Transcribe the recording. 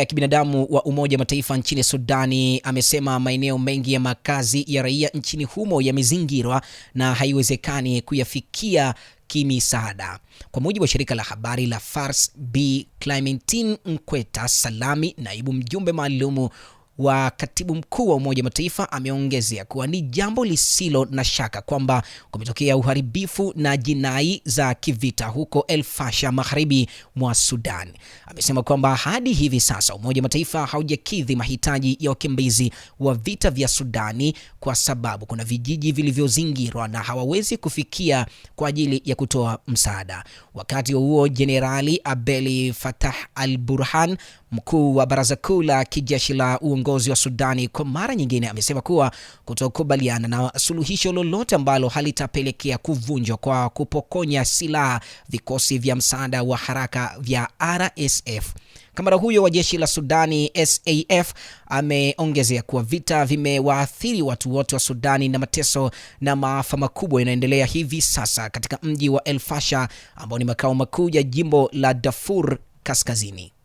ya kibinadamu wa Umoja Mataifa nchini Sudani amesema maeneo mengi ya makazi ya raia nchini humo yamezingirwa na haiwezekani kuyafikia kimisaada. Kwa mujibu wa shirika la habari la Fars, b Clementine Nkweta Salami, naibu mjumbe maalumu wa katibu mkuu wa Umoja Mataifa ameongezea kuwa ni jambo lisilo na shaka kwamba kumetokea uharibifu na jinai za kivita huko El magharibi mwa Sudan. Amesema kwamba hadi hivi sasa Umoja wa Mataifa haujakidhi mahitaji ya wakimbizi wa vita vya Sudani kwa sababu kuna vijiji vilivyozingirwa na hawawezi kufikia kwa ajili ya kutoa msaada. Wakati huo Jenerali Abdel fatah al-Burhan, mkuu wa Baraza Kuu la Kijeshi la kiongozi wa Sudani kwa mara nyingine amesema kuwa kutokubaliana na suluhisho lolote ambalo halitapelekea kuvunjwa kwa kupokonya silaha vikosi vya msaada wa haraka vya RSF. Kamanda huyo wa jeshi la Sudani SAF ameongezea kuwa vita vimewaathiri watu wote wa Sudani na mateso na maafa makubwa yanaendelea hivi sasa katika mji wa El ambao ni makao makuu ya jimbo la Darfur Kaskazini.